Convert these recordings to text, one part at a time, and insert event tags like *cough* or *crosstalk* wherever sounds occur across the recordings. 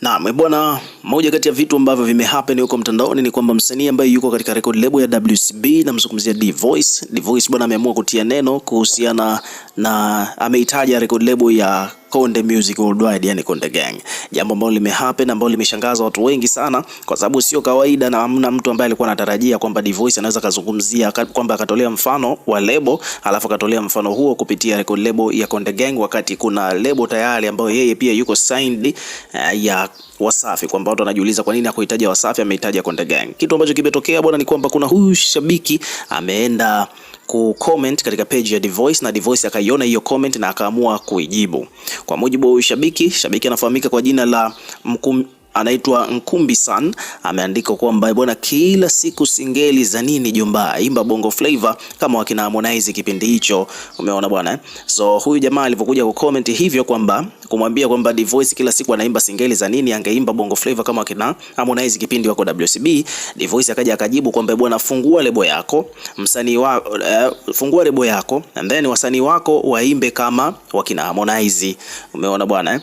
Naam, eh, bwana, moja kati ya vitu ambavyo happen huko mtandaoni ni kwamba msanii ambaye yuko katika record label ya WCB namzungumzia D-Voice. D-Voice bwana ameamua kutia neno kuhusiana na ameitaja record label ya Konde Music Worldwide, yani Konde Gang, jambo ambalo limehappen ambalo limeshangaza watu wengi sana, kwa sababu sio kawaida na hamna mtu ambaye alikuwa anatarajia kwamba Voice anaweza kazungumzia kwamba akatolea mfano wa lebo alafu akatolea mfano huo kupitia record lebo ya Konde Gang, wakati kuna lebo tayari ambayo yeye pia yuko signed uh, ya Wasafi, kwamba watu wanajiuliza kwa nini hakuhitaji Wasafi, amehitaji Konde Gang. Kitu ambacho kimetokea bwana ni kwamba kuna huyu shabiki ameenda kucomment katika page ya devoice na divoice akaiona hiyo comment na akaamua kuijibu. Kwa mujibu wa huyu shabiki, shabiki anafahamika kwa jina la mkum, anaitwa Nkumbi San ameandika kwamba bwana, kila siku singeli za nini jumba, imba bongo flavor kama wakina Harmonize kipindi hicho. Umeona bwana eh? So huyu jamaa alivyokuja kucomment hivyo kwamba kumwambia kwamba Voice kila siku anaimba singeli za nini, angeimba bongo flavor kama wakina Harmonize kipindi wako WCB. Voice akaja akajibu kwamba eh bwana, fungua lebo yako msanii wa uh, fungua lebo yako and then wasanii wako waimbe kama wakina Harmonize. Umeona bwana eh?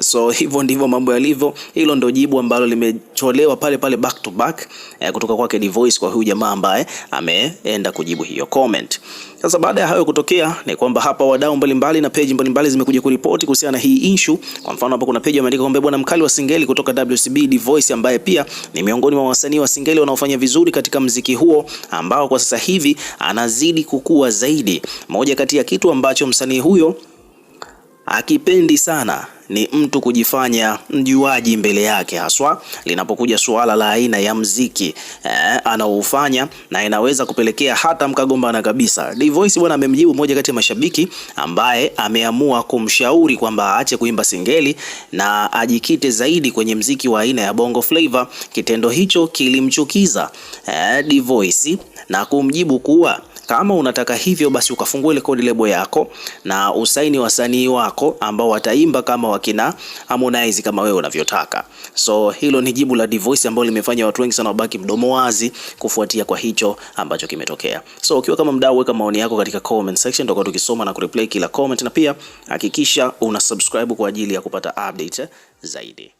so *laughs* hivyo ndivyo mambo yalivyo. Hilo ndo jibu ambalo limetolewa pale pale back to back eh, kutoka kwake Dvoice kwa huyu jamaa ambaye ameenda kujibu hiyo comment. Sasa baada ya hayo kutokea, ni kwamba hapa wadau mbalimbali na page mbalimbali zimekuja kuripoti kuhusiana na hii issue. Kwa mfano, hapa kuna page imeandika kwamba bwana mkali wa singeli kutoka WCB Dvoice, ambaye pia ni miongoni mwa wasanii wa singeli wanaofanya vizuri katika mziki huo ambao kwa sasa hivi anazidi kukua zaidi. Moja kati ya kitu ambacho msanii huyo akipendi sana ni mtu kujifanya mjuaji mbele yake, haswa linapokuja suala la aina ya mziki e, anaoufanya na inaweza kupelekea hata mkagombana kabisa. Dvoice bwana amemjibu mmoja kati ya mashabiki ambaye ameamua kumshauri kwamba aache kuimba singeli na ajikite zaidi kwenye mziki wa aina ya Bongo Flava. Kitendo hicho kilimchukiza eh, Dvoice na kumjibu kuwa kama unataka hivyo, basi ukafungue ile kodi lebo yako na usaini wasanii wako ambao wataimba kama wakina Harmonize kama wewe unavyotaka. So hilo ni jibu la Dvoice ambalo limefanya watu wengi sana wabaki mdomo wazi kufuatia kwa hicho ambacho kimetokea. So ukiwa kama mdau, weka maoni yako katika comment section, tutakuwa tukisoma na kureplay kila comment, na pia hakikisha una subscribe kwa ajili ya kupata update zaidi.